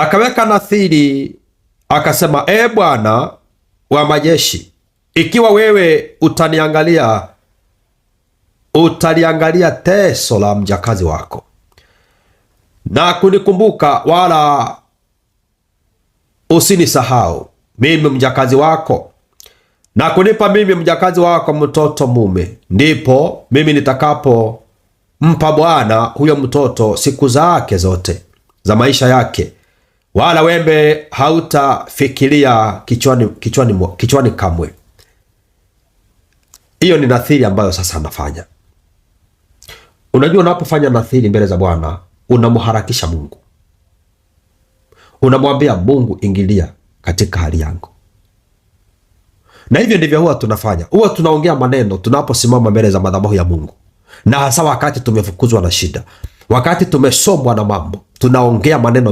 Akaweka nadhiri akasema, E Bwana wa majeshi, ikiwa wewe utaniangalia, utaliangalia teso la mjakazi wako na kunikumbuka, wala usinisahau mimi mjakazi wako, na kunipa mimi mjakazi wako mtoto mume, ndipo mimi nitakapo mpa Bwana huyo mtoto siku zake zote za maisha yake wala wembe hautafikiria kichwani, kichwani, kichwani kamwe. Hiyo ni nadhiri ambayo sasa anafanya. Unajua, unapofanya nadhiri mbele za Bwana unamharakisha Mungu, unamwambia Mungu, ingilia katika hali yangu. Na hivyo ndivyo huwa tunafanya, huwa tunaongea maneno tunaposimama mbele za madhabahu ya Mungu, na hasa wakati tumefukuzwa na shida, wakati tumesombwa na mambo, tunaongea maneno